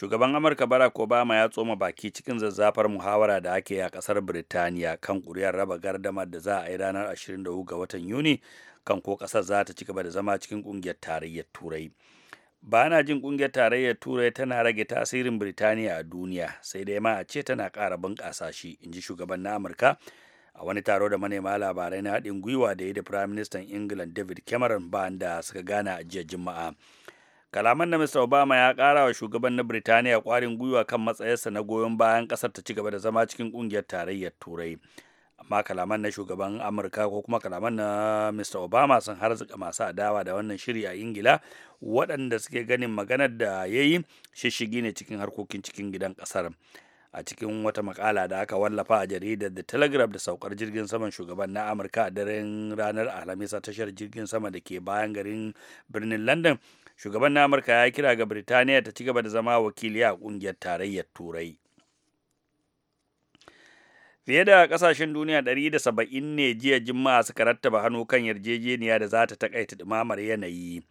shugaban amurka barack obama ya tsoma baki cikin zazzafar muhawara da ake yi a kasar birtaniya kan ƙuri'ar raba gardamar da za a yi ranar 24 ga watan yuni kan ko kasar za ta ci gaba da zama cikin ƙungiyar tarayyar turai ba na jin ƙungiyar tarayyar turai tana rage tasirin birtaniya a duniya sai dai ma a ce tana ƙara bunƙasa shi in ji shugaban na amurka a wani taro da manema labarai na haɗin gwiwa da ya da firayim ministan england david cameron ba da suka gana a jiya juma'a kalaman na mr obama ya kara wa shugaban na birtaniya kwarin gwiwa kan matsayarsa na goyon bayan kasar ta ci gaba da zama cikin kungiyar tarayyar turai amma kalaman na shugaban amurka ko kuma kalaman na mr obama sun harzuka masu adawa da wannan shiri a ingila waɗanda suke ganin maganar da ya yi shishigi ne cikin harkokin cikin gidan kasar a cikin wata makala da aka wallafa a jaridar the telegraph da saukar jirgin saman shugaban na amurka a daren ranar alhamis a tashar jirgin sama da ke bayan garin birnin london shugaban na amurka ya kira ga birtaniya ta ci gaba da zama wakili a kungiyar tarayyar turai fiye da kasashen duniya da saba'in ne jiya juma'a suka rattaba hannu kan yarjejeniya da za ta takaita dumamar yanayi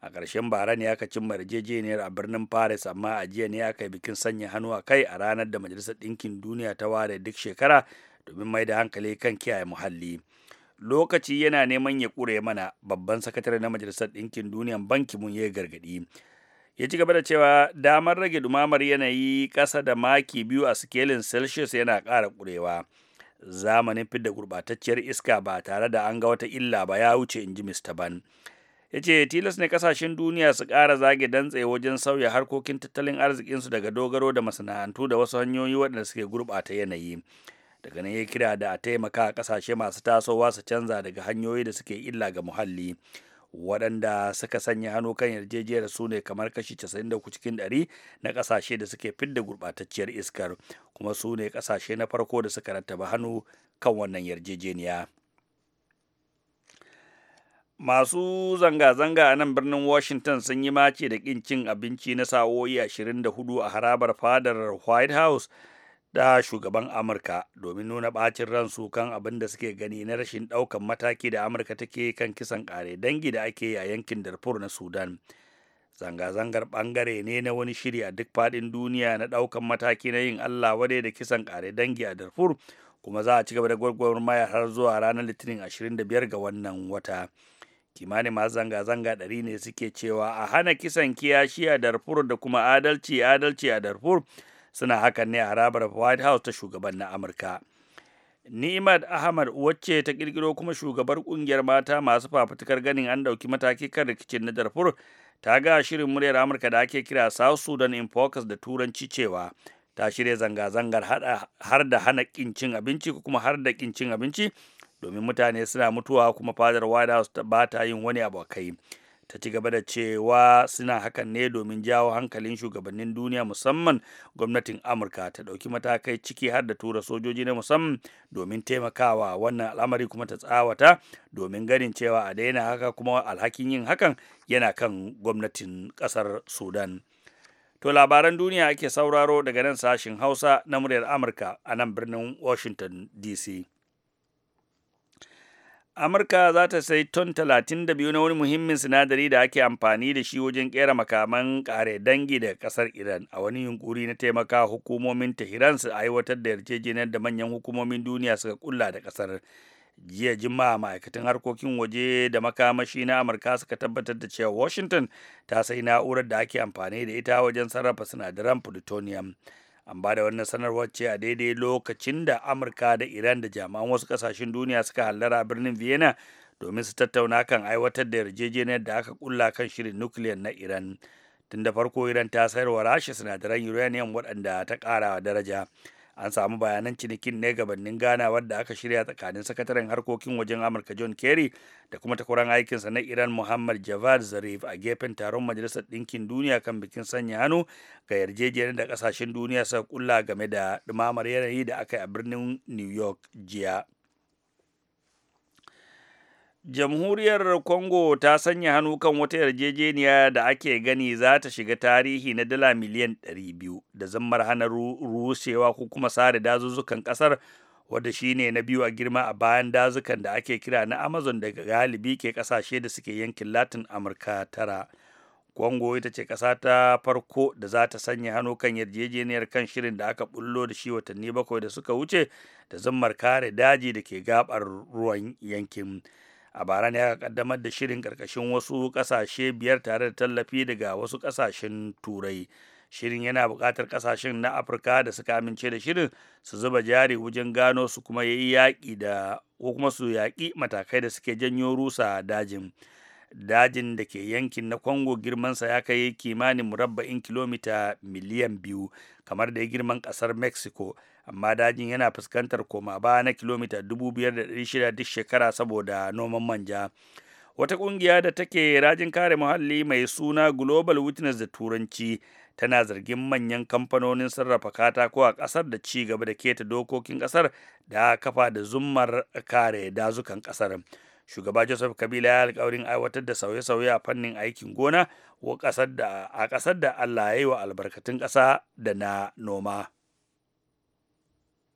a ƙarshen bara ne aka cimma yarjejeniyar a birnin paris amma a jiya ne aka yi bikin sanya hannu a kai a ranar da majalisar ɗinkin duniya ta ware duk shekara domin mai da hankali kan kiyaye muhalli lokaci yana neman ya kure mana babban sakatare na majalisar ɗinkin duniya banki mun ya gargaɗi ya ci gaba da cewa damar rage dumamar yanayi ƙasa da maki biyu a sikelin celsius yana ƙara ƙurewa zamanin fidda gurɓatacciyar iska ba tare da an ga wata illa ba ya wuce in ji mr ban ya ce tilas ne ƙasashen duniya su ƙara zage dantse wajen sauya harkokin tattalin arzikinsu daga dogaro da masana'antu da wasu hanyoyi waɗanda suke gurɓata yanayi daga nan ya kira da a taimaka kasashe masu tasowa su canza daga hanyoyi da suke illa ga muhalli waɗanda suka sanya hannu kan yarjejiyar su ne kamar kashi 93 cikin 100 na ƙasashe da suke fidda gurɓatacciyar iskar kuma su ne ƙasashe na farko da suka rattaba hannu kan wannan yarjejeniya masu zanga-zanga a nan birnin washington sun yi mace da ƙin cin abinci na sa'o'i 24 a harabar fadar white house da shugaban amurka domin nuna bacin ransu kan abin da suke gani na rashin daukan mataki da amurka take kan kisan kare dangi da ake a yankin darfur na sudan zanga-zangar bangare ne na wani shiri a duk fadin duniya na daukan mataki na yin allah wadai da kisan kare dangi a darfur kuma za a ci gaba da gwagwarmaya har zuwa ranar litinin 25 ga wannan wata kimanin masu zanga-zanga ɗari ne suke cewa a hana kisan kiyashi a darfur da kuma adalci adalci a darfur suna hakan ne a harabar white house ta shugaban na amurka ni'mat ahmad wacce ta kirkiro kuma shugabar kungiyar mata masu fafutukar ganin an ɗauki mataki kan rikicin na darfur ta ga shirin muryar amurka da ake kira south sudan in focus da turanci cewa ta shirya zanga-zangar har da hana kincin abinci kuma har da kincin abinci domin mutane suna mutuwa kuma fadar white house ba ta yin wani abokai. ta ci gaba da cewa suna hakan ne domin jawo hankalin shugabannin duniya musamman gwamnatin amurka ta ɗauki matakai ciki har da tura sojoji na musamman domin taimakawa wannan al'amari kuma ta tsawata domin ganin cewa a daina haka kuma alhakin yin hakan yana kan gwamnatin ƙasar sudan to labaran duniya ake sauraro daga nan sashin hausa na muryar amurka a nan birnin washington dc Amurka za ta sai ton 32 na wani muhimmin sinadari da ake amfani da shi wajen kera makaman kare dangi daga kasar Iran a wani yunkuri na taimaka hukumomin Tehran su aiwatar da yarjejeniyar da manyan hukumomin duniya suka kulla da kasar. Jiya Juma'a ma'aikatan harkokin waje da makamashi na Amurka suka tabbatar da cewa Washington ta sai na'urar da ake amfani da ita wajen sarrafa sinadaran plutonium. an ba da wannan sanarwar ce a daidai lokacin da amurka da iran da jami'an wasu kasashen duniya suka hallara birnin vienna domin su tattauna kan aiwatar da yarjejeniyar da aka kulla kan shirin nukiliyar na iran tun da farko iran ta sayarwa rasha sinadaran uranium waɗanda ta ƙara daraja an samu bayanan cinikin ne gabanin ganawar da aka shirya tsakanin sakataren harkokin wajen amurka john kerry da kuma takwaran aikinsa na iran muhammad javad zarif a gefen taron majalisar ɗinkin duniya kan bikin sanya hannu ga yarjejeniyar da ƙasashen duniya suka kulla game da ɗumamar yanayi da aka yi a birnin new york jiya Jamhuriyar Congo ta sanya hannu kan wata yarjejeniya da ake gani za ta shiga tarihi na dala miliyan 200 da zammar hana rushewa ko kuma sare dazuzzukan kasar wadda shine na biyu a girma a bayan dazukan da ake kira na Amazon daga galibi ke kasashe da suke yankin Latin Amurka tara. Congo ita ce ƙasa ta farko da za ta sanya hannu kan yarjejeniyar kan shirin da aka bullo da shi watanni bakwai da suka wuce da zammar kare daji da ke gabar ruwan yankin. a bara ne aka kaddamar da shirin karkashin wasu kasashe biyar tare da tallafi daga wasu kasashen turai shirin yana bukatar kasashen na afirka da suka amince da shirin su zuba jari wajen gano su kuma yi yaƙi da ko kuma su yaƙi matakai da suke janyo rusa dajin dajin da ke yankin na kongo girmansa ya kai kimanin murabba'in kilomita miliyan biyu kamar da ya girman ƙasar Mexico amma dajin yana fuskantar koma ba na kilomita 5,600 duk shekara saboda noman manja wata ƙungiya da take rajin kare muhalli mai suna global witness da turanci tana zargin manyan kamfanonin sarrafa katako a ƙasar da ci gaba da keta dokokin ƙasar da kafa da zummar kare dazukan ƙasar shugaba joseph kabila ya alkawarin aiwatar da sauye-sauye a fannin aikin gona a ƙasar da allah ya yi wa albarkatun ƙasa da na noma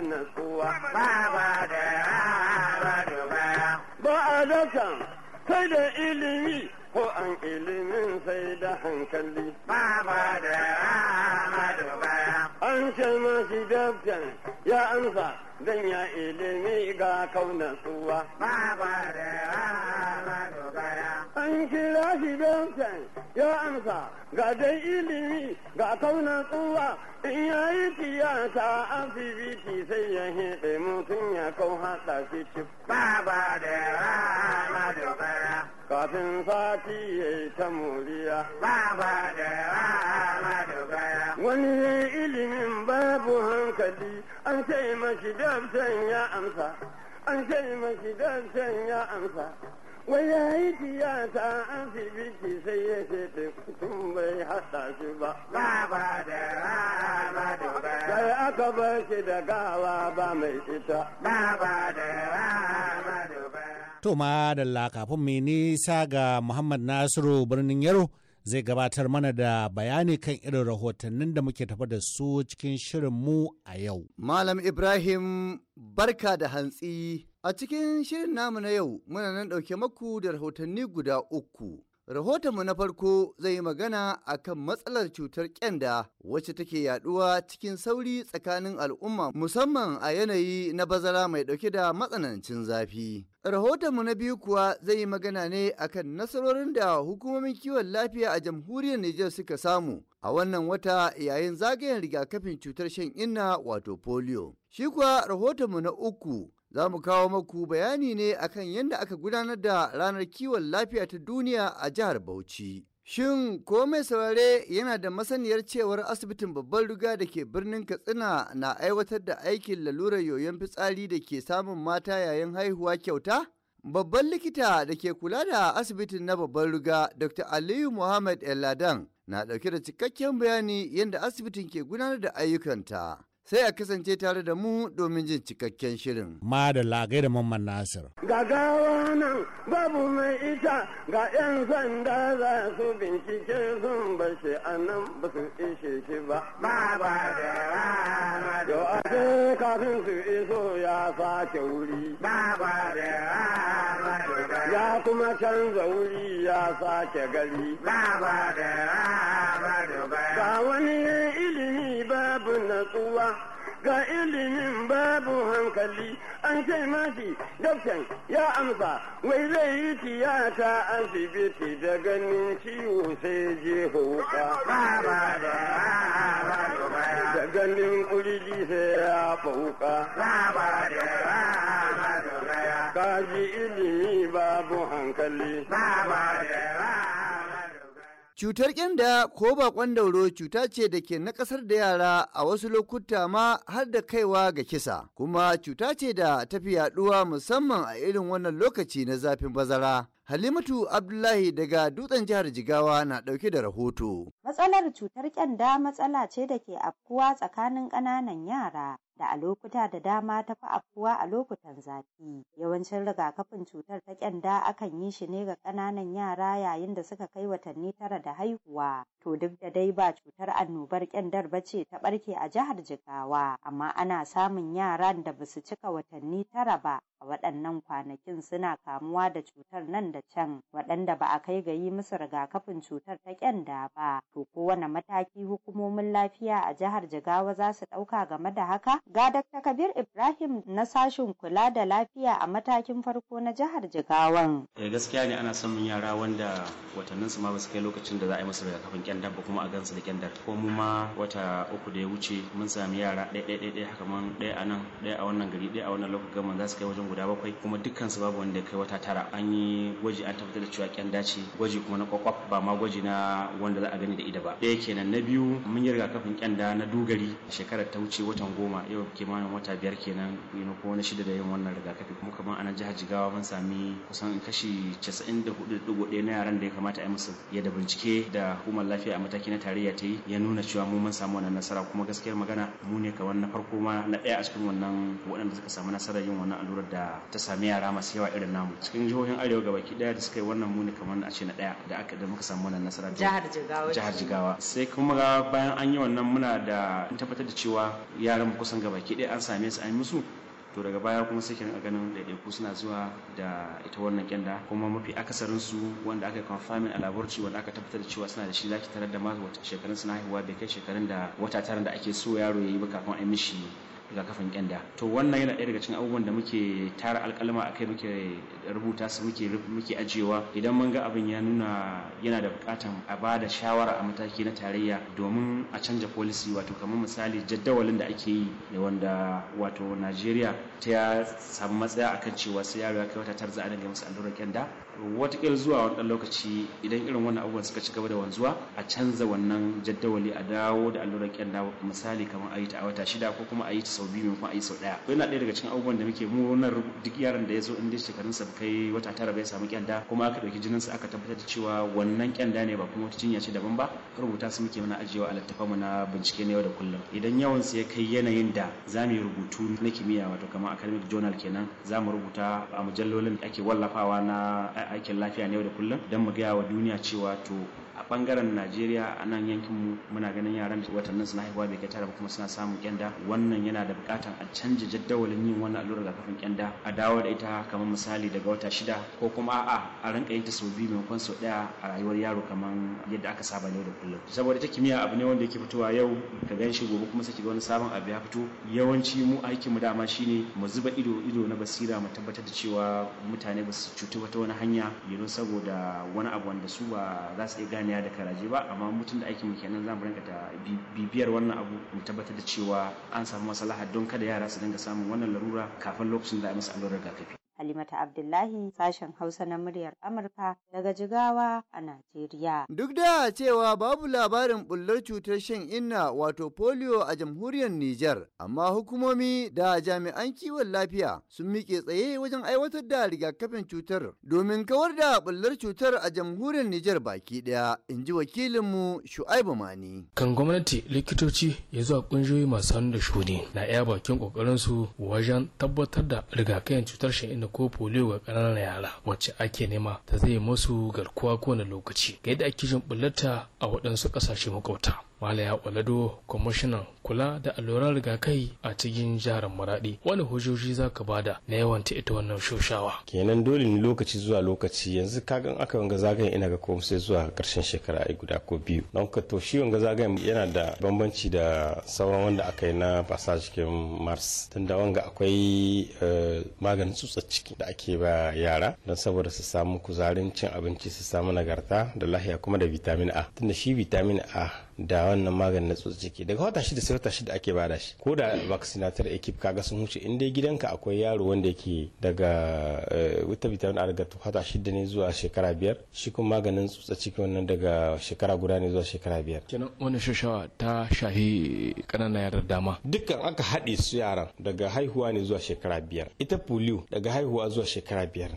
nutsuwa ba da ba da ba sai da ilimi ko an ilimin sai da hankali ba ba da ba an ce mashi dabtan ya amsa dan ya ilimi ga kauna tsuwa ba ba da ba an kira shi dabtan ya amsa ga dai ilimi ga kauna tsuwa in ya yi tiyata asibiti sai ya hebe mutum ya kau hada shi ci baba da rana da bara kafin sati ya yi ta muriya baba da rana da bara wani ya ilimin babu hankali an ce mashi dabtan ya amsa an ce mashi dabtan ya amsa wai ya yi tiyata asibiti sai ya ce tun bai haɗa shi ba. Baba da rama Sai aka bar shi da gawa ba mai ita. Baba da rama dubara. To ma da kafin mai nisa ga Muhammad Nasiru birnin Yaro. zai gabatar mana da bayani kan irin rahotannin da muke tafa da su cikin shirin mu a yau. Malam Ibrahim barka da hantsi a cikin shirin namu na yau muna nan ɗauke maku da rahotanni guda uku. Rahotonmu na farko zai yi magana a kan matsalar cutar kyanda wacce take yaduwa cikin sauri tsakanin al'umma musamman a yanayi na bazara mai dauke da matsanancin zafi. Rahotonmu na biyu kuwa zai yi magana ne a kan nasarorin da hukumomin kiwon lafiya a jamhuriyar Nijar suka samu a wannan wata yayin zagayen rigakafin cutar shan inna wato polio. Shi kuwa rahotonmu na uku za mu kawo maku bayani ne akan yadda aka gudanar da ranar kiwon lafiya ta duniya a jihar Bauchi. Shin ko mai saurare yana da masaniyar cewar asibitin babban riga da ke birnin Katsina na aiwatar da aikin lalurar yoyon fitsari da ke samun mata yayin haihuwa kyauta? Babban likita da ke kula da asibitin na babban riga Dr. Aliyu Muhammad Eladan na ɗauke da cikakken bayani yadda asibitin ke gudanar da ayyukanta. sai a kasance tare da mu domin jin cikakken shirin. Ma da lagai da Mamman Nasir. gawa nan babu mai ita ga 'yan sanda za su bincike sun bashi a nan ba su ishe shi ba. Ba ba da rana da sai kafin su iso ya sake wuri. Ba ba da rana ya kuma canza wuri ya sake gari. Ba ba da rana da ba wani ilimi babu natsuwa ga ilimin babu hankali an ce mashi daktan ya amsa wai zai yi tiyata asibiti da ganin ciwo sai je hauka da ganin kurji sai ya fauka ji ilimi babu hankali Cutar kyanda ko bakon dauro cuta ce da ke nakasar da yara a wasu lokuta ma har da kaiwa ga kisa, kuma cuta ce da tafi yaduwa musamman a irin wannan lokaci na zafin bazara. Halimatu Abdullahi daga dutsen jihar Jigawa na ɗauke da rahoto. Matsalar cutar kyanda matsala ce da ke afkuwa tsakanin ƙananan yara da a lokuta da dama ta fi afkuwa a lokutan zafi. Yawancin rigakafin cutar ta ƙyanda akan yi shi ne ga ƙananan yara yayin da suka kai watanni tara da haihuwa. To duk da dai ba cutar annobar ƙyandar ba ce ta ɓarke a jihar Jigawa, amma ana samun yaran da basu cika watanni tara ba a waɗannan kwanakin suna kamuwa da cutar nan da can waɗanda ba a kai ga yi musu rigakafin cutar ta ƙyanda ba to kowane mataki hukumomin lafiya a jihar jigawa za su ɗauka game da haka Ga Dr. Kabir Ibrahim na sashin kula da lafiya a matakin farko na jihar Jigawan. Eh gaskiya ne ana samun yara wanda watannin su ma ba kai lokacin da za a yi musu rigakafin kyandar ba kuma a gansu da kyandar. Ko mu ma wata uku da ya wuce mun sami yara ɗaya ɗaya ɗaya haka man ɗaya a nan ɗaya a wannan gari ɗaya a wannan lokacin gaman za su kai wajen guda bakwai kuma dukkan su babu wanda ya kai wata tara. An yi gwaji an tabbatar da cewa kyanda ce gwaji kuma na kwakwaf ba ma gwaji na wanda za a gani da ida ba. Ɗaya kenan na biyu mun yi rigakafin kyanda na dugari shekarar ta wuce watan goma yau yau kimanin wata biyar kenan ino ko wani shida da yin wannan rigakafi kuma kamar a nan jihar jigawa mun sami kusan kashi 94.1 na yaran da ya kamata a yi musu yadda bincike da hukumar lafiya a mataki na tarayya ta yi ya nuna cewa mu mun samu wannan nasara kuma gaskiyar magana mu ne kamar na farko ma na ɗaya a cikin wannan waɗanda suka samu nasarar yin wannan allurar da ta sami yara masu yawa irin namu cikin jihohin arewa gabaki ɗaya da suka yi wannan mu ne kamar a ce na ɗaya da aka da muka samu wannan nasara jihar jigawa jihar jigawa sai kuma bayan an yi wannan muna da tabbatar da cewa yaran kusan ga baki ɗaya an same su an musu to daga baya kuma sai kin ganin ɗaiɗaiku suna zuwa da ita wannan kyanda kuma mafi akasarin su wanda aka confirming a laborci wanda aka tabbatar da cewa suna da shi zaki tarar da ma shekarun suna haihuwa bai kai shekarun da wata tara da ake so yaro ya yi ba kafin a mishi rigakafin kyanda to wannan yana daya daga cikin abubuwan da muke tara alkalma akai muke rubuta su muke muke ajewa idan mun ga abin ya nuna yana da bukatan a ba da shawara a mataki na tarayya domin a canja policy wato kamar misali jadawalin da ake yi wanda wato Najeriya ta ya samu matsaya akan cewa sai yaro ya kai wata tarza a ga masa allurar kyanda watakila zuwa wani lokaci idan irin wannan abubuwan suka ci gaba da wanzuwa a canza wannan jaddawali a dawo da allurar kyanda misali kamar a yi ta a wata shida ko kuma a yi ta sau biyu maimakon a yi sau ɗaya yana ɗaya daga cikin abubuwan da muke munar duk yaron da ya zo inda shekarun sa kai wata tara bai samu kyanda kuma aka ɗauki jinin sa aka tabbatar da cewa wannan kyanda ne ba kuma wata jinya ce daban ba rubuta su muke muna ajiyewa a mu na bincike na yau da kullum idan yawan su ya kai yanayin da zamu yi rubutu na kimiyya wato kamar kuma academic journal kenan za mu rubuta a mujallolin da ake wallafawa na aikin lafiya na yau da kullum don mu gaya wa duniya cewa to a bangaren najeriya a nan yankin mu muna ganin yaran watannin suna haihuwa bai kai tara ba kuma suna samun kyanda wannan yana da bukatan a canja jaddawalin yin wannan allurar rigakafin kyanda a dawo da ita kamar misali daga wata shida ko kuma a'a a rinka yin ta sau biyu maimakon sau daya a rayuwar yaro kamar yadda aka saba yau da kullum saboda ta kimiyya abu ne wanda yake fitowa yau ka gan shi gobe kuma saki ga wani sabon abu ya fito yawanci mu aikin mu dama shine mu zuba ido ido na basira mu tabbatar da cewa mutane ba su cutu wata wani hanya yanzu saboda wani abu wanda su ba za su iya gane hanya da karaje ba amma mutum da aiki mu kenan zamu rinka ta bibiyar wannan abu mu tabbatar da cewa an samu maslaha don kada yara su dinga samun wannan larura kafin lokacin da a musu allurar rigakafi Halimata Abdullahi sashen Hausa na muryar Amurka daga Jigawa a Najeriya. Duk da cewa babu labarin bullar cutar shan inna wato polio a jamhuriyar Nijar, amma hukumomi da jami'an kiwon lafiya sun miƙe tsaye wajen aiwatar da rigakafin cutar domin kawar da bullar cutar a jamhuriyar Nijar baki ɗaya, in ji wakilinmu Shu'aibu Mani. Kan gwamnati likitoci ya zuwa ƙungiyoyi masu hannu da shuni na iya bakin su wajen tabbatar da rigakafin cutar shan inna ko polio ga ƙananan yara wacce ake nema ta zai masu garkuwa kowane lokaci ga yadda ake jin a waɗansu ƙasashe makwabta Malaya Olado kwamishinan kula da alluran rigakai a cikin jihar Maradi wani hujjoji za ka bada na yawan ta ita wannan shoshawa. Kenan dole ne lokaci zuwa lokaci yanzu kagan aka wanga zagayen ina ga kuma sai zuwa karshen shekara ai guda ko biyu. Don ka to shi wanga zagayen yana da bambanci da sauran wanda aka yi na fasa cikin Mars. Tunda wanga akwai eh, maganin tsutsa ciki da ake ba yara don saboda su samu kuzarin cin abinci su samu nagarta da lahiya kuma da vitamin A. Tunda shi vitamin A da wannan maganin na tsotsi ciki daga wata shida sai wata shida ake bada shi ko da vaccinator ekip kaga sun huce in dai gidanka akwai yaro wanda yake daga eh, wata vitamin a daga wata shida ne zuwa shekara biyar shi kuma maganin tsotsa ciki wannan daga shekara guda ne zuwa shekara biyar kenan wannan shashawa ta shahi kananan yaran dama dukkan aka haɗe su yaran daga haihuwa ne zuwa shekara biyar ita polio daga haihuwa zuwa shekara biyar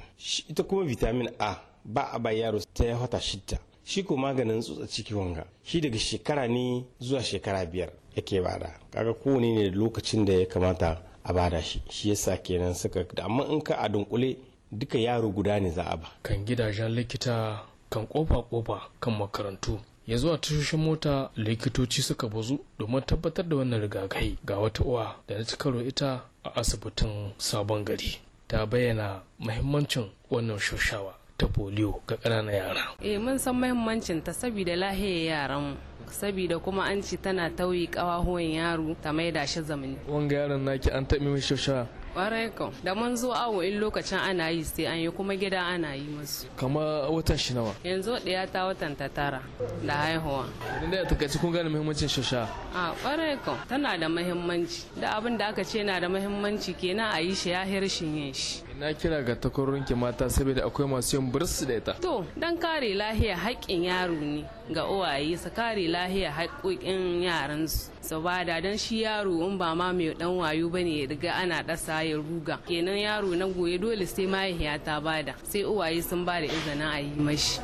ita kuma vitamin a ba a ba yaro ta wata shida shi ko maganin tsutsa ciki wanga shi daga shekara ne zuwa shekara biyar yake bada kaga kowane ne da lokacin da ya kamata a bada shi shi yasa kenan suka da amma in ka a dunkule duka yaro guda ne za a ba kan gidajen likita kan kofa kofa kan makarantu ya zuwa tashoshin mota likitoci suka bazu domin tabbatar da wannan rigakai ga wata uwa da na ci karo ita a asibitin sabon gari ta bayyana mahimmancin wannan shoshawa ta polio ga ƙananan yara. Eh mun san muhimmancin ta saboda lahiyar yaran saboda kuma an ci tana tauyi ƙawahuwan yaro ta maida shi zamani. Wanga yaron naki an taɓa mishi shasha Ƙwarai da mun zo awo in lokacin ana yi sai an yi kuma gida ana yi musu. Kama watan shi nawa? Yanzu ɗaya ta watan ta tara da haihuwa. Idan da ta kaci kun gane muhimmancin shosha. A ƙwarai tana da muhimmanci da abin da aka ce na da muhimmanci kenan a yi shi ya hirshin yin shi. na kira ga takwarorinki mata saboda akwai masu yin birsu da ita to dan kare lahiya haƙƙin yaro ne ga uwaye su kare lahiya haƙƙoƙin yaransu sabada dan shi yaro in ba ma mai dan wayo bane ya riga ana ɗasa ya ruga kenan yaro na goye dole sai mahaifiya ta bada sai uwaye sun bada izinin a yi mashi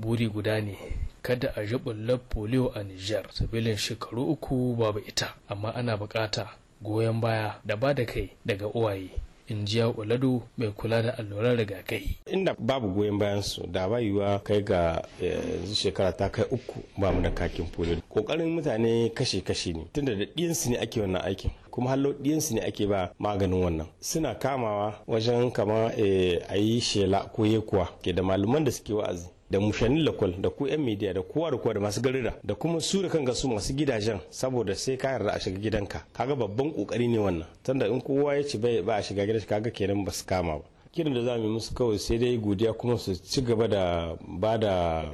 buri guda ne kada a jibullar polio a Nijar sabilin shekaru uku babu ita amma ana bukata goyon baya da ba da kai daga uwaye in ji Olado mai kula da allurar alluran kai. Inda babu goyon bayan su da bayuwa kai ga eh, shekara ta kai uku ba mu da kakin polio. Kokarin mutane kashe-kashe ne tunda da ɗiyansu ne ake wannan aikin. kuma hallo ɗiyansu ne ake ba maganin wannan suna kamawa wajen kama eh, a yi shela ko yekuwa ke da malaman da suke wa'azi da mushanin lakwal da ku yan media da kowa da kowa da masu garira da kuma su da kanka su masu gidajen saboda sai ka yarda a shiga gidanka kaga babban kokari ne wannan tunda in kowa ya ci bai ba a shiga gidanka kaga kenan ba su kama ba kiran da za mu musu kawai sai dai godiya kuma su ci gaba da ba da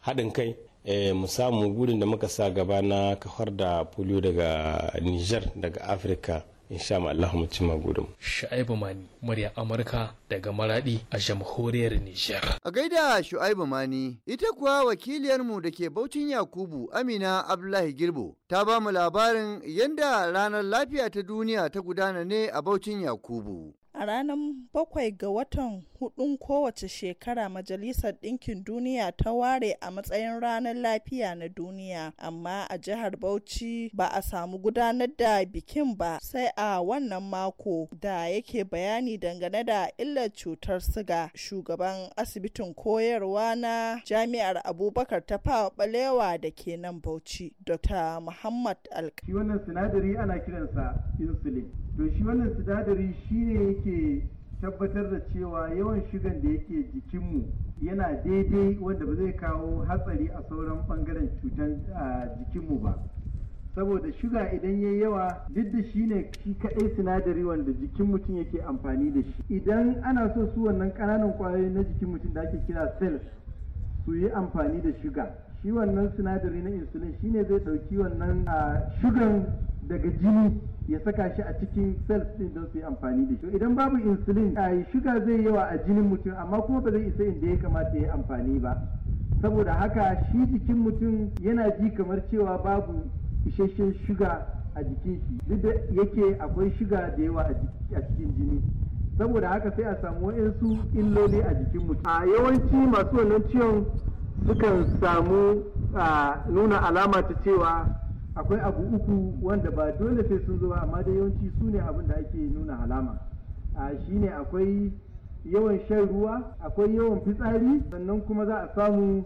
haɗin kai eh, mu samu gudun da muka sa gaba na kafar da polio daga niger daga afirka insha Allah mu ma gudun. Shu'aibu Mani murya Amurka daga Maradi a jamhuriyar Nijar. A gaida Shu'aibu Mani ita kuwa wakiliyarmu da ke Baucin Yakubu Amina Abdullahi Girbo ta ba mu labarin yadda ranar lafiya ta duniya ta gudana ne a Baucin Yakubu. A ranar 7 ga watan Hudun kowace shekara, Majalisar Ɗinkin Duniya ta ware a matsayin Ranar Lafiya na Duniya, amma a jihar Bauchi ba a samu gudanar da bikin ba sai a wannan mako da yake bayani dangane da illar cutar siga. Shugaban asibitin koyarwa na Jami'ar Abubakar ta fawa balewa da ke nan Bauchi, Dr. Muhammad Alk. wannan sinadari ana kiransa insulin. To shi wannan sinadari shi ne yake tabbatar da cewa yawan shigan da yake jikinmu yana daidai wanda ba zai kawo hatsari a sauran bangaren cutar jikinmu ba saboda shuga idan ya yawa duk da shi ne shi kaɗai sinadari wanda jikin mutum yake amfani da shi idan ana so su wannan ƙananan ƙwayoyi na jikin mutum da ake kira cells su yi amfani da shuga shi wannan sinadari na insulin shi ne zai ɗauki wannan shugan daga jini ya saka shi a cikin cells din don su yi amfani da shi idan babu insulin a shuga zai yawa a jinin mutum amma kuma ba zai isa inda ya kamata ya yi amfani ba saboda haka shi jikin mutum yana ji kamar cewa babu isasshen shuga a jikin shi duk da yake akwai shuga da yawa a cikin jini saboda haka sai a samu waɗansu illoli a jikin mutum a yawanci masu wannan ciwon sukan samu nuna alama ta cewa akwai abu uku wanda ba dole sai sun zo amma da yawanci su ne abin da ake nuna alama a ne akwai yawan shan ruwa akwai yawan fitsari sannan kuma za a samu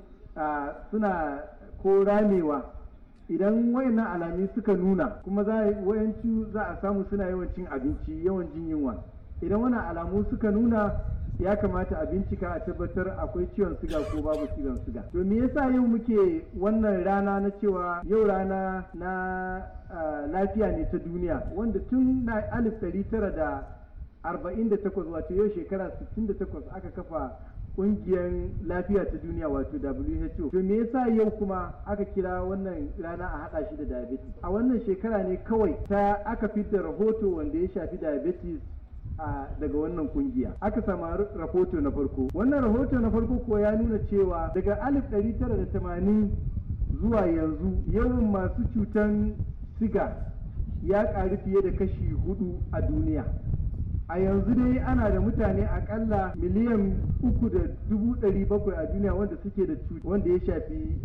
suna ko ramewa idan wayannan alami suka nuna kuma za za a samu suna yawan cin abinci yawan jin yunwa idan wannan alamu suka nuna ya kamata a bincika a tabbatar akwai ciwon siga ko babu ciwon siga to me yasa yau muke wannan rana na cewa yau rana na lafiya ne ta duniya wanda tun na alif ɗari tara da arba'in da takwas wato yau shekara sittin da takwas aka kafa ƙungiyar lafiya ta duniya wato WHO to me yasa yau kuma aka kira wannan rana a haɗa shi da diabetes a wannan shekara ne kawai ta aka fitar rahoto wanda ya shafi diabetes A daga wannan kungiya aka samu rahoto na farko wannan rahoto na farko ko ya nuna cewa daga 1980 zuwa yanzu yawan masu cutan siga ya ƙaru fiye da kashi hudu a duniya a yanzu dai ana da mutane akalla miliyan uku da dubu ɗari bakwai a duniya wanda suke da wanda ya shafi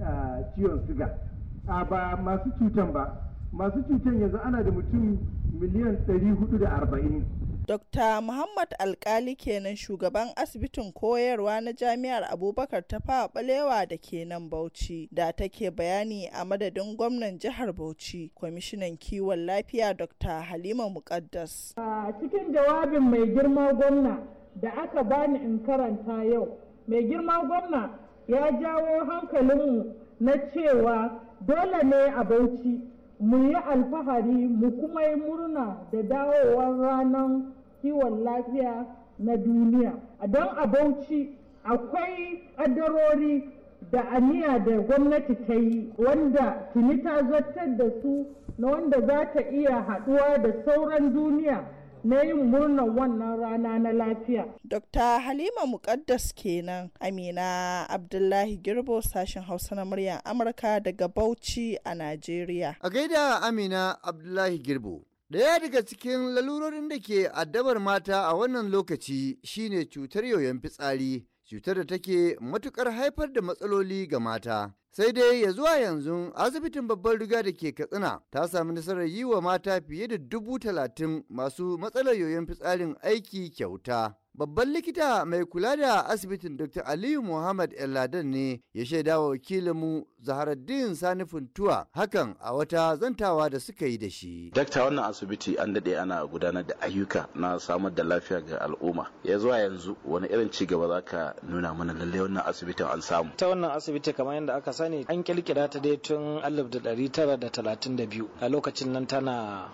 ciwon siga a ba masu cutan ba masu cutan yanzu ana da mutum miliyan ɗari hudu da arba'in Dr. Muhammad Alkali kenan shugaban asibitin koyarwa na Jami'ar Abubakar ta fa balewa da ke nan Bauchi da take bayani a madadin gwamnan jihar Bauchi, kwamishinan kiwon lafiya Dr. Halima Muqaddas. cikin jawabin mai girma gwamna da aka bani in karanta yau, mai girma gwamna ya jawo hankalinmu na cewa dole ne a Bauchi mu yi alfahari mu kuma yi murna da dawowar ranar kiwon lafiya na duniya don a bauchi akwai ƙaddarori da aniya da gwamnati ta yi wanda tuni ta zartar da su na wanda za ta iya haɗuwa da sauran duniya na yin murnar wannan rana na lafiya. Dr. Halima Muƙaddas kenan Amina Abdullahi Girbo sashen Hausa na muryar Amurka daga Bauchi a Najeriya. A gaida Amina Abdullahi Girbo. Ɗaya daga cikin lalurorin da ke addabar mata a wannan lokaci shine cutar yoyon fitsari, cutar da take matukar haifar da matsaloli ga mata. Sai dai ya zuwa yanzu asibitin babban riga da ke Katsina ta sami nasarar yi wa mata fiye da dubu talatin masu matsalar yoyon fitsarin aiki kyauta. Babban likita mai kula da asibitin Dr. Aliyu Muhammad Ladan ne ya shaida wa wakilinmu Zaharaddin Sani Funtuwa hakan a wata zantawa da suka yi da shi. Dakta wannan asibiti an daɗe ana gudanar da ayyuka na samar da lafiya ga al'umma. Ya zuwa yanzu wani irin ci gaba za ka nuna mana lallai wannan asibitin an samu. Ta wannan asibiti kamar yadda aka sani an kirkira ta dai tun 1932 a lokacin nan tana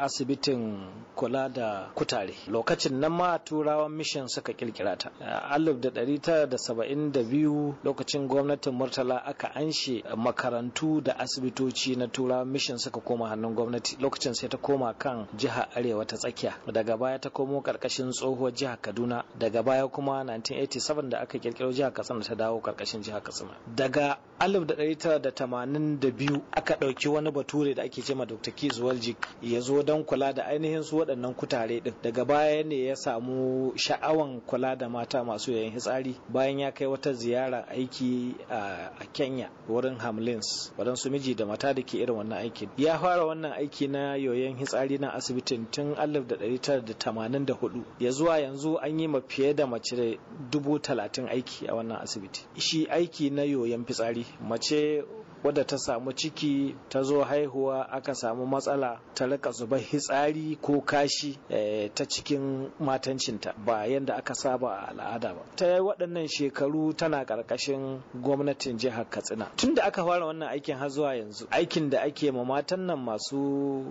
asibitin kula da kutare lokacin nan ma turawan mission suka kirkira ta alif da ɗari tara da saba'in da biyu lokacin gwamnatin murtala aka anshe makarantu da asibitoci na turawan mission suka koma hannun gwamnati lokacin sai ta koma kan jiha arewa ta tsakiya daga baya ta komo karkashin tsohuwar jiha kaduna daga baya kuma 1987 da aka kirkiro jiha katsina ta dawo karkashin jiha katsina daga 1982 aka ɗauki wani bature da ake cema dr kizuwal jik ya zo don kula da ainihin su waɗannan kutare din daga baya ne ya samu sha'awan kula da mata masu yayin hitsari bayan ya kai wata ziyara aiki a kenya wurin hamlins waɗansu miji da mata da ke irin wannan aikin ya fara wannan aiki na yoyon hitsari na asibitin tun 1984 ya zuwa yanzu an yi fiye da mace dubu talatin aiki a wannan asibiti shi aiki na yoyon fitsari mace wadda ta samu ciki ta zo haihuwa aka samu matsala ta rika zuba hitsari ko kashi eh, ta cikin matancinta ba yadda aka saba a al'ada ba ta yi waɗannan shekaru tana ƙarƙashin gwamnatin jihar katsina tunda aka fara wannan aikin har zuwa yanzu aikin da ake ma matan nan masu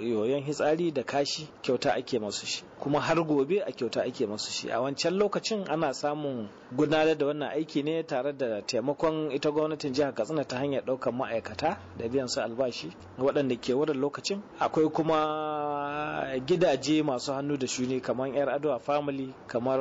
yoyon hitsari da kashi kyauta ake masu shi kuma har gobe a kyauta ake masu shi a wancan lokacin ana samun gudanar da wannan aiki ne tare da taimakon ita gwamnatin jihar katsina ta hanyar ɗaukar ma'aikata da biyan su albashi waɗanda ke wurin lokacin akwai kuma gidaje masu hannu da shuni kamar yar adwa family kamar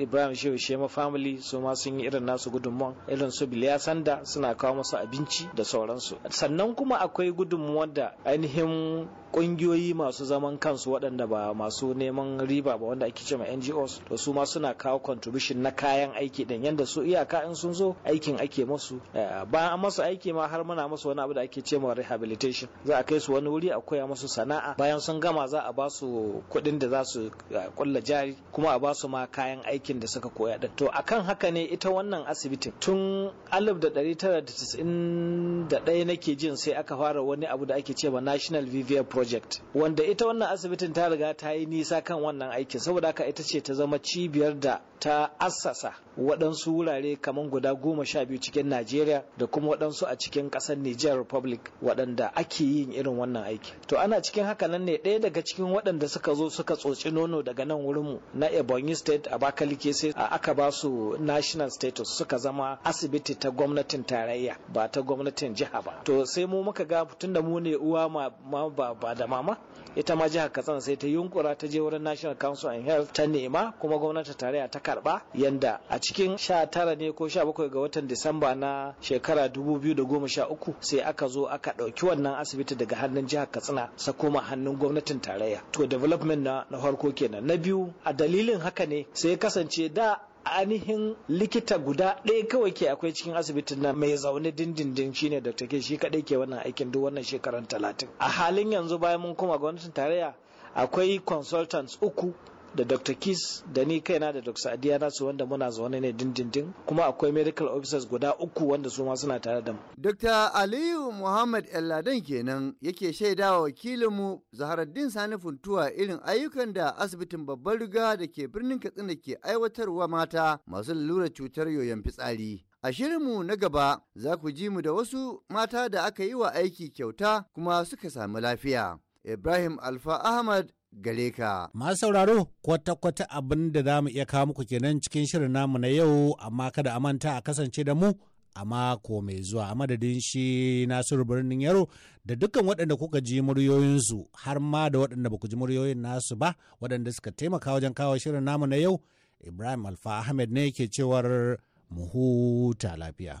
ibrahim shehu shema family su ma sun yi irin nasu gudunmuwan irin su biliya sanda suna kawo masu abinci da sauransu sannan kuma akwai gudunmuwan da ainihin kungiyoyi masu zaman kansu waɗanda ba masu neman riba ba wanda ake cewa NGOs to su ma suna kawo contribution na kayan aiki din yanda su iyaka in sun zo aikin ake musu eh, bayan an masu aiki ma har muna musu wani abu da ake cewa rehabilitation za a kai su wani wuri a koya musu sana'a bayan sun gama za a ba su kuɗin da za su kulla eh, jari kuma a ba su ma kayan aikin da suka koya din to akan haka ne ita wannan asibitin tun 1991 nake jin sai aka fara wani abu da ake cewa National Vivia Project project wanda ita wannan asibitin ta riga ta yi nisa kan wannan aikin saboda haka ita ce ta zama cibiyar da ta assasa waɗansu wurare kamar guda goma sha biyu cikin najeriya da kuma waɗansu a cikin ƙasar niger republic waɗanda ake yin irin wannan aiki to ana cikin haka nan ne ɗaya daga cikin waɗanda suka zo suka tsotsi nono daga nan wurinmu na ebonyi state a bakalike sai aka ba su national status suka zama asibiti ta gwamnatin tarayya ba ta gwamnatin jiha ba to sai mu muka ga tunda mu ne uwa ma ba da mama ita ma jihar katsina sai ta yunkura ta je wurin national council on health ta nema kuma gwamnatin tarayya ta karba yanda a cikin sha tara ne ko sha bakwai ga watan disamba na shekara dubu da goma sha uku sai aka zo aka ɗauki wannan asibiti daga hannun jihar katsina koma hannun gwamnatin tarayya to development na na farko kenan na biyu a dalilin haka ne sai kasance da ainihin likita guda ɗaya kawai ke akwai cikin asibitin nan mai zaune dindindin shine da take shi kaɗai ke wannan aikin duk wannan shekaran talatin a halin yanzu bayan mun koma gwamnatin tarayya akwai consultants uku da dr kis da ni kaina da dr sadiya nasu wanda muna zaune ne dindindin kuma akwai medical officers guda uku wanda su ma suna tare da mu dr aliyu muhammad elladan kenan yake shaida wa wakilinmu zaharaddin sani funtuwa irin ayyukan da asibitin babbar riga da ke birnin katsina ke aiwatarwa mata masu lura cutar yoyon fitsari A shirinmu na gaba za ku ji mu da wasu mata da aka yi wa aiki kyauta kuma suka sami lafiya. Ibrahim Alfa Ahmad gare ka. Masu sauraro kwata-kwata abin da za mu iya kawo muku kenan cikin shirin namu na yau amma kada a manta a kasance da mu a mako mai zuwa a madadin shi nasiru birnin yaro da dukkan waɗanda kuka ji muryoyinsu har ma da waɗanda ba ku ji muryoyin nasu ba waɗanda suka taimaka wajen kawo shirin namu na yau ibrahim alfa ahmed ne ke cewar mu huta lafiya.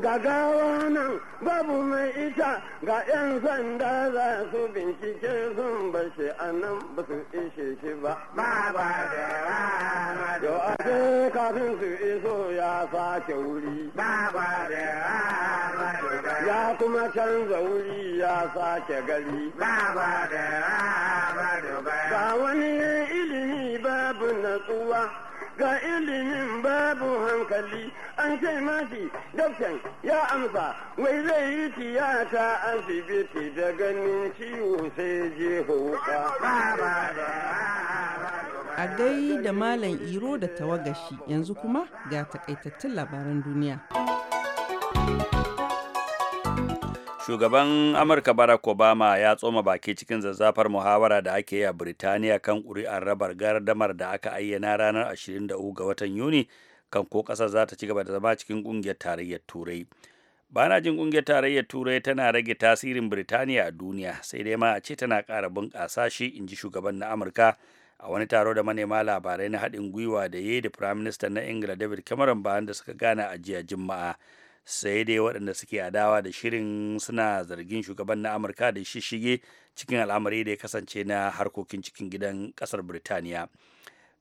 ga gawa nan babu mai ita ga 'yan sanda za su bincike sun bashi a nan ba su ishe shi ba. Ba ba da rana da ake kafin su iso ya sake wuri. Ba ba da rana ya kuma canza wuri ya sake gari. Ba ba da rana da ba wani ilimi babu natsuwa. ga ilimin babu hankali an ce mafi daktan ya amsa wai zai yi tiyata an asibiti da ganin ciwo sai je hauka a gai da malam iro da tawagashi yanzu kuma ga takaitattun labaran duniya shugaban amurka barack obama ya tsoma baki cikin zazzafar muhawara da ake yi a birtaniya kan ƙuri'ar rabar gardamar da aka ayyana ranar 23 ga watan yuni kan ko ƙasar za ta ci gaba da zama cikin ƙungiyar tarayyar turai bana jin ƙungiyar tarayyar turai tana rage tasirin birtaniya a duniya sai dai ma a ce tana ƙara bunƙasa shi in ji shugaban na amurka a wani taro da manema labarai na haɗin gwiwa da ya da firaministan na ingila david cameron bayan da suka gana a jiya juma'a sai dai waɗanda suke adawa da shirin suna zargin shugaban na amurka da shishige cikin al'amari da ya kasance na harkokin cikin gidan ƙasar birtaniya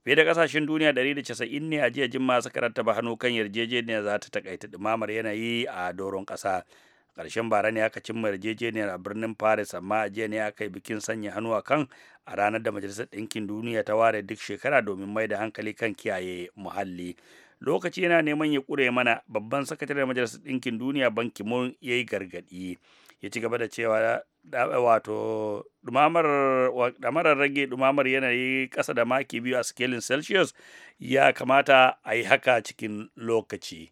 fiye da ƙasashen duniya 190 ne a jiya masu karanta ba hannu kan yarjejeniya za ta takaita ɗumamar yanayi a doron ƙasa ƙarshen bara ne aka cimma yarjejeniyar a birnin paris amma a jiya ne aka yi bikin sanya hannu a kan a ranar da majalisar ɗinkin duniya ta ware duk shekara domin mai da hankali kan kiyaye muhalli lokaci yana neman ya ƙure mana babban sakataren majalisar ɗinkin duniya banki mun ya yi gargaɗi ya ci gaba da cewa wato ɗamarar rage ɗumamar yanayi ƙasa da maki biyu a sikelin celsius ya kamata a yi haka cikin lokaci